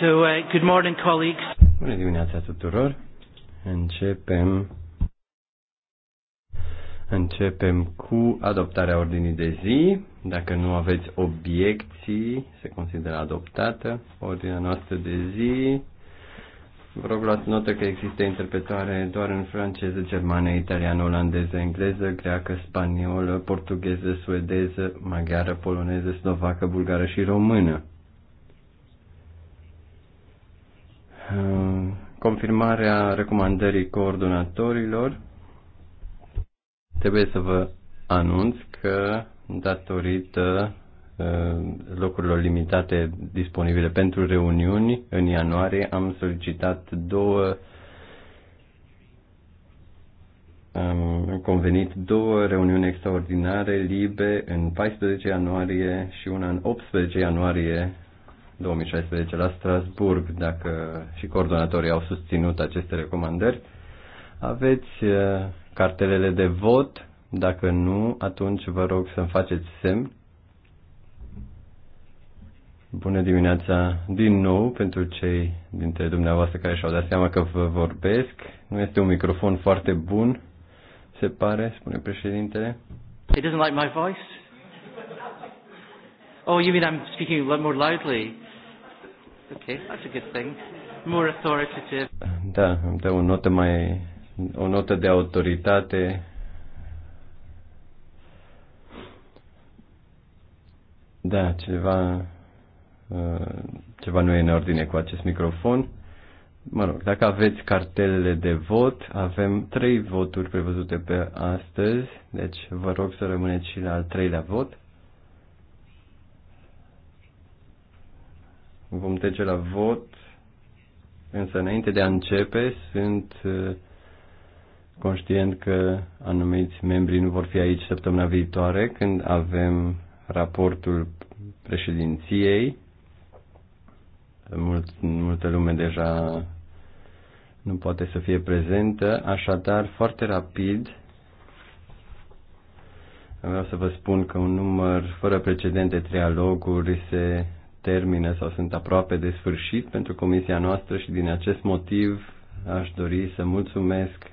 So, uh, good morning, colleagues. Bună dimineața tuturor. Începem Începem cu adoptarea ordinii de zi. Dacă nu aveți obiecții, se consideră adoptată ordinea noastră de zi. Vă rog, luați notă că există interpretare doar în franceză, germană, italiană, olandeză, engleză, greacă, spaniolă, portugheză, suedeză, maghiară, poloneză, slovacă, bulgară și română. Uh, confirmarea recomandării coordonatorilor, trebuie să vă anunț că datorită uh, locurilor limitate disponibile pentru reuniuni în ianuarie am solicitat două am convenit două reuniuni extraordinare libe în 14 ianuarie și una în 18 ianuarie 2016 la Strasburg, dacă și coordonatorii au susținut aceste recomandări. Aveți uh, cartelele de vot, dacă nu, atunci vă rog să-mi faceți semn. Bună dimineața din nou pentru cei dintre dumneavoastră care și-au dat seama că vă vorbesc. Nu este un microfon foarte bun, se pare, spune președintele. It doesn't like my voice. Oh, you mean I'm speaking a lot more loudly? Okay, that's a good thing. More authoritative. Da, îmi dă o notă mai o notă de autoritate. Da, ceva uh, ceva nu e în ordine cu acest microfon. Mă rog, dacă aveți cartelele de vot, avem trei voturi prevăzute pe astăzi, deci vă rog să rămâneți și la al treilea vot. Vom trece la vot, însă înainte de a începe, sunt uh, conștient că anumiți membri nu vor fi aici săptămâna viitoare când avem raportul președinției. Mult, multă lume deja nu poate să fie prezentă, așadar foarte rapid vreau să vă spun că un număr fără precedent de trialoguri se termină sau sunt aproape de sfârșit pentru comisia noastră și din acest motiv aș dori să mulțumesc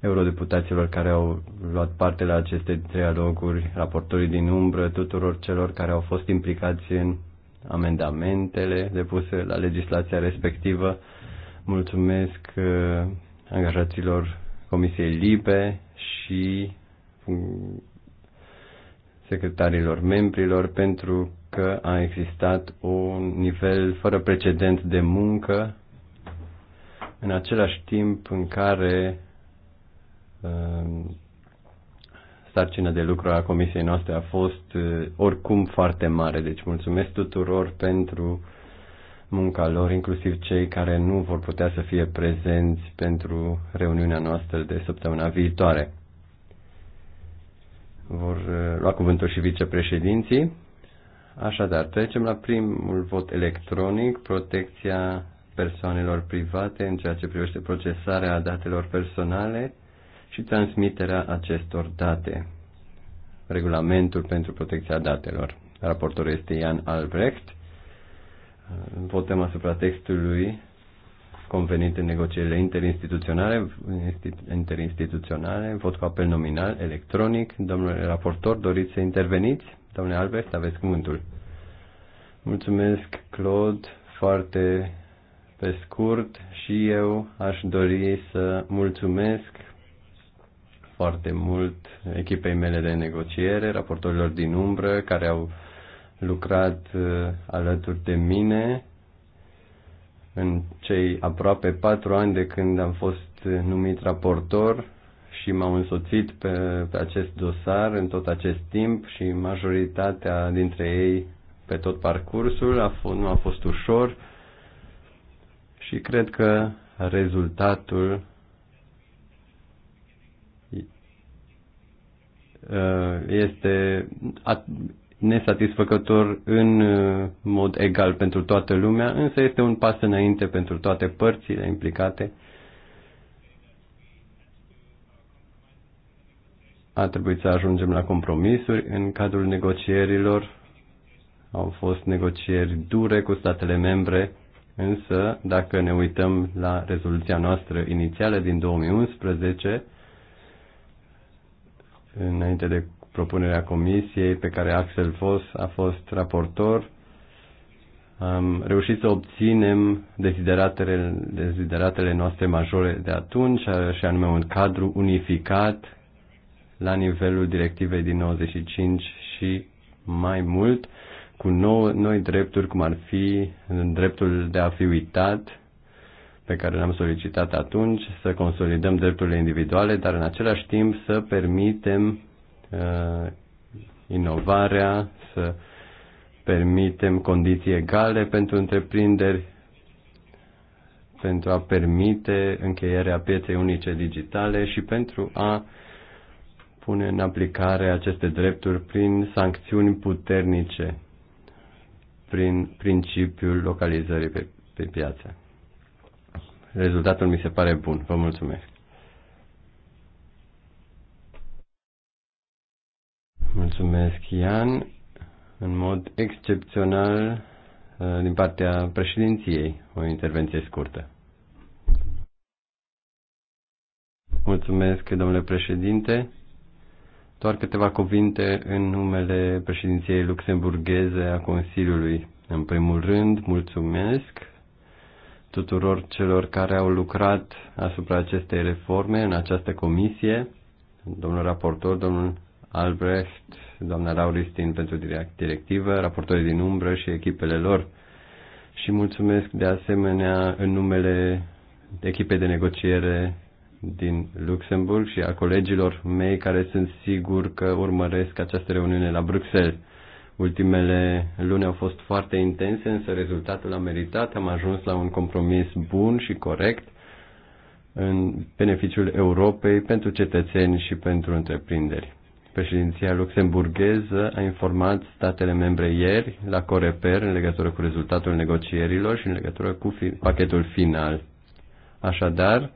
eurodeputaților care au luat parte la aceste trialoguri, raportorii din umbră, tuturor celor care au fost implicați în amendamentele depuse la legislația respectivă. Mulțumesc uh, angajaților Comisiei Libe și uh, secretarilor membrilor pentru că a existat un nivel fără precedent de muncă în același timp în care uh, sarcina de lucru a comisiei noastre a fost uh, oricum foarte mare. Deci mulțumesc tuturor pentru munca lor, inclusiv cei care nu vor putea să fie prezenți pentru reuniunea noastră de săptămâna viitoare vor eh, lua cuvântul și vicepreședinții. Așadar, trecem la primul vot electronic, protecția persoanelor private în ceea ce privește procesarea datelor personale și transmiterea acestor date. Regulamentul pentru protecția datelor. Raportorul este Ian Albrecht. Votăm asupra textului convenit în negocierile interinstituționale, interinstituționale, vot cu apel nominal, electronic. Domnule raportor, doriți să interveniți? Domnule Albert, aveți cuvântul. Mulțumesc, Claude, foarte pe scurt și eu aș dori să mulțumesc foarte mult echipei mele de negociere, raportorilor din umbră care au lucrat uh, alături de mine în cei aproape patru ani de când am fost numit raportor și m-au însoțit pe, pe acest dosar în tot acest timp și majoritatea dintre ei pe tot parcursul a fost, nu a fost ușor și cred că rezultatul ă, este nesatisfăcător în uh, mod egal pentru toată lumea, însă este un pas înainte pentru toate părțile implicate. A trebuit să ajungem la compromisuri în cadrul negocierilor. Au fost negocieri dure cu statele membre, însă dacă ne uităm la rezoluția noastră inițială din 2011, înainte de propunerea comisiei pe care Axel Voss a fost raportor. Am reușit să obținem dezideratele, dezideratele noastre majore de atunci, și anume un cadru unificat la nivelul directivei din 95 și mai mult, cu nou, noi drepturi, cum ar fi dreptul de a fi uitat, pe care l-am solicitat atunci, să consolidăm drepturile individuale, dar în același timp să permitem Uh, inovarea, să permitem condiții egale pentru întreprinderi, pentru a permite încheierea pieței unice digitale și pentru a pune în aplicare aceste drepturi prin sancțiuni puternice, prin principiul localizării pe, pe piață. Rezultatul mi se pare bun. Vă mulțumesc. Mulțumesc, Ian. În mod excepțional, uh, din partea președinției, o intervenție scurtă. Mulțumesc, domnule președinte. Doar câteva cuvinte în numele președinției luxemburgheze a Consiliului. În primul rând, mulțumesc tuturor celor care au lucrat asupra acestei reforme în această comisie, domnul raportor, domnul Albrecht, doamna Lauristin pentru directivă, raportorii din umbră și echipele lor. Și mulțumesc de asemenea în numele echipei de negociere din Luxemburg și a colegilor mei care sunt sigur că urmăresc această reuniune la Bruxelles. Ultimele luni au fost foarte intense, însă rezultatul a meritat. Am ajuns la un compromis bun și corect în beneficiul Europei pentru cetățeni și pentru întreprinderi. Președinția luxemburgheză a informat statele membre ieri la Coreper în legătură cu rezultatul negocierilor și în legătură cu fi- pachetul final. Așadar,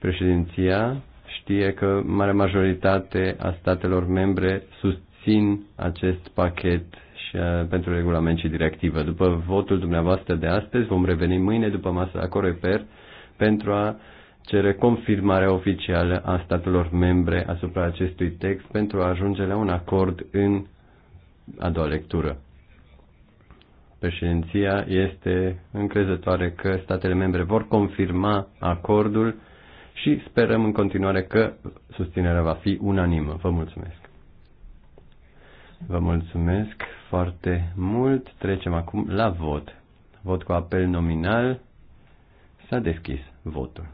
președinția știe că mare majoritate a statelor membre susțin acest pachet și uh, pentru regulament și directivă. După votul dumneavoastră de astăzi, vom reveni mâine după masă la Coreper pentru a cere confirmarea oficială a statelor membre asupra acestui text pentru a ajunge la un acord în a doua lectură. Președinția este încrezătoare că statele membre vor confirma acordul și sperăm în continuare că susținerea va fi unanimă. Vă mulțumesc! Vă mulțumesc foarte mult. Trecem acum la vot. Vot cu apel nominal. S-a deschis votul.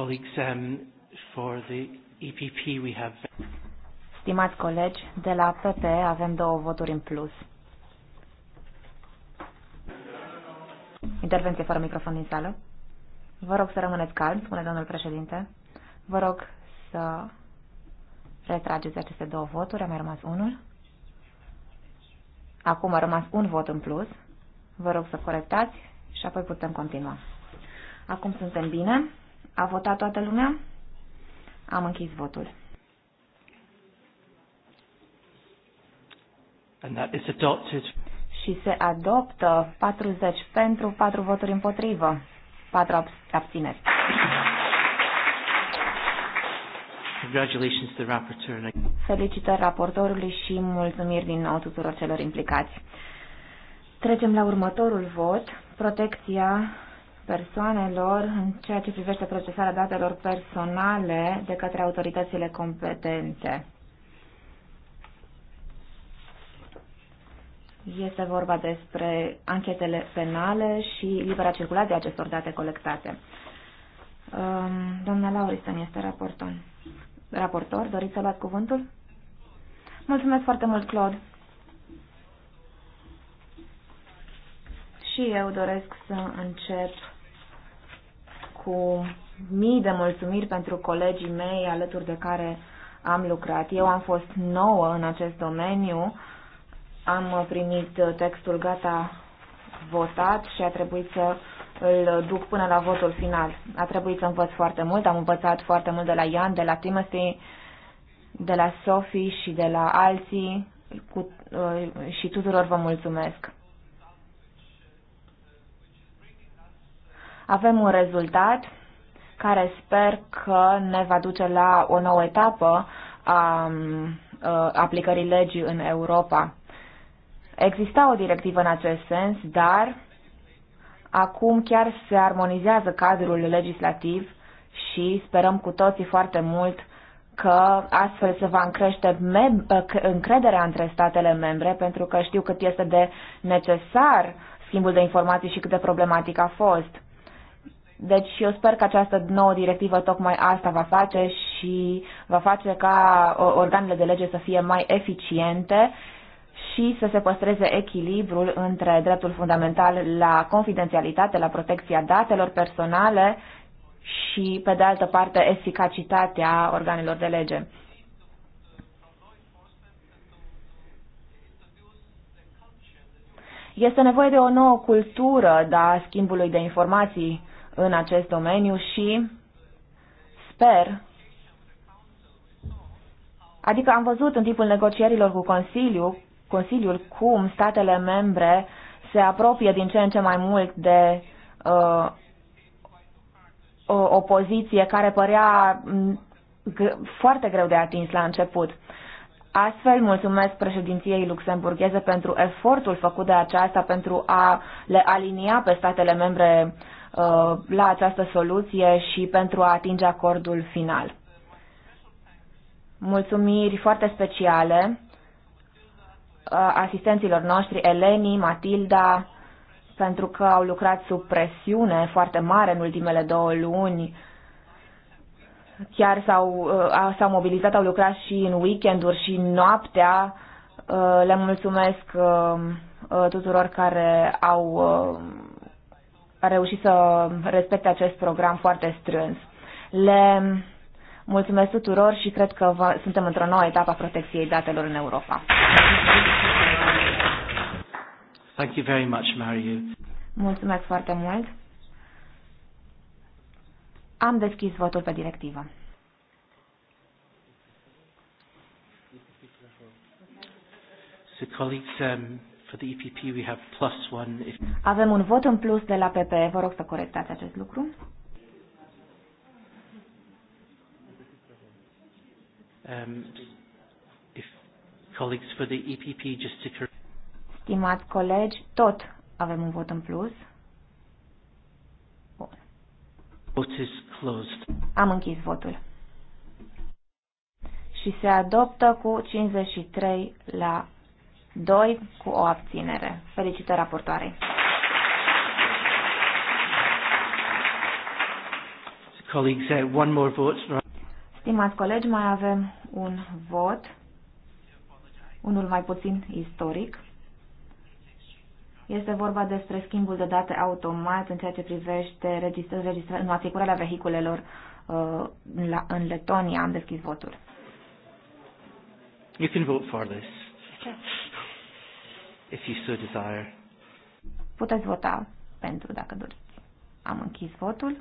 colleagues, um, for the EPP we have... Stimați colegi, de la PP avem două voturi în plus. Intervenție fără microfon din sală. Vă rog să rămâneți calmi, spune domnul președinte. Vă rog să retrageți aceste două voturi. A mai rămas unul. Acum a rămas un vot în plus. Vă rog să corectați și apoi putem continua. Acum suntem bine. A votat toată lumea? Am închis votul. And that is adopted. Și se adoptă 40 pentru, 4 voturi împotrivă, 4 abțineri. Congratulations to the rapporteur. Felicitări raportorului și mulțumiri din nou tuturor celor implicați. Trecem la următorul vot, protecția persoanelor în ceea ce privește procesarea datelor personale de către autoritățile competente. Este vorba despre anchetele penale și libera circulație a acestor date colectate. Um, doamna Lauriston este raportor. Raportor, doriți să luați cuvântul? Mulțumesc foarte mult, Claude. Și eu doresc să încep cu mii de mulțumiri pentru colegii mei alături de care am lucrat. Eu am fost nouă în acest domeniu, am primit textul gata votat și a trebuit să îl duc până la votul final. A trebuit să învăț foarte mult, am învățat foarte mult de la Ian, de la Timothy, de la Sophie și de la alții cu, uh, și tuturor vă mulțumesc. Avem un rezultat care sper că ne va duce la o nouă etapă a aplicării legii în Europa. Exista o directivă în acest sens, dar acum chiar se armonizează cadrul legislativ și sperăm cu toții foarte mult că astfel se va încrește încrederea între statele membre, pentru că știu cât este de necesar schimbul de informații și cât de problematic a fost. Deci eu sper că această nouă directivă tocmai asta va face și va face ca organele de lege să fie mai eficiente și să se păstreze echilibrul între dreptul fundamental la confidențialitate, la protecția datelor personale și, pe de altă parte, eficacitatea organelor de lege. Este nevoie de o nouă cultură da, a schimbului de informații în acest domeniu și sper, adică am văzut în timpul negocierilor cu Consiliu, Consiliul cum statele membre se apropie din ce în ce mai mult de uh, o, o poziție care părea mm, foarte greu de atins la început. Astfel, mulțumesc președinției luxemburgheze pentru efortul făcut de aceasta pentru a le alinia pe statele membre Uh, la această soluție și pentru a atinge acordul final. Mulțumiri foarte speciale uh, asistenților noștri, Eleni, Matilda, pentru că au lucrat sub presiune foarte mare în ultimele două luni. Chiar s-au, uh, s-au mobilizat, au lucrat și în weekenduri și noaptea. Le mulțumesc tuturor care au a reușit să respecte acest program foarte strâns. Le mulțumesc tuturor și cred că va, suntem într-o nouă etapă a protecției datelor în Europa. Thank you very much, Mulțumesc foarte mult. Am deschis votul pe directivă. So colleagues, um, For the EPP we have plus one. If... Avem un vot în plus de la PP. Vă rog să corectați acest lucru. Um, if colleagues for the EPP just to Stimați colegi, tot avem un vot în plus. Bun. Vote is closed. Am închis votul. Și se adoptă cu 53 la 2 cu o abținere. Felicitări raportoarei. Uh, Stimați colegi, mai avem un vot, unul mai puțin istoric. Este vorba despre schimbul de date automat în ceea ce privește înmatricularea vehiculelor uh, la, în Letonia. Am deschis votul. You can vote for this if you so desire. Puteți vota pentru dacă doriți. Am închis votul.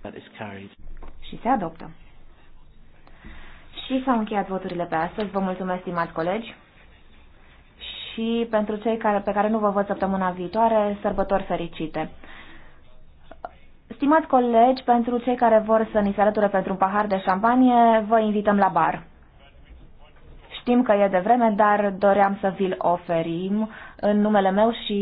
That is carried. Și se adoptă. Și s-au încheiat voturile pe astăzi. Vă mulțumesc, stimați colegi. Și pentru cei care, pe care nu vă văd săptămâna viitoare, sărbători fericite. Stimați colegi, pentru cei care vor să ni se alăture pentru un pahar de șampanie, vă invităm la bar. Știm că e de vreme, dar doream să vi-l oferim în numele meu și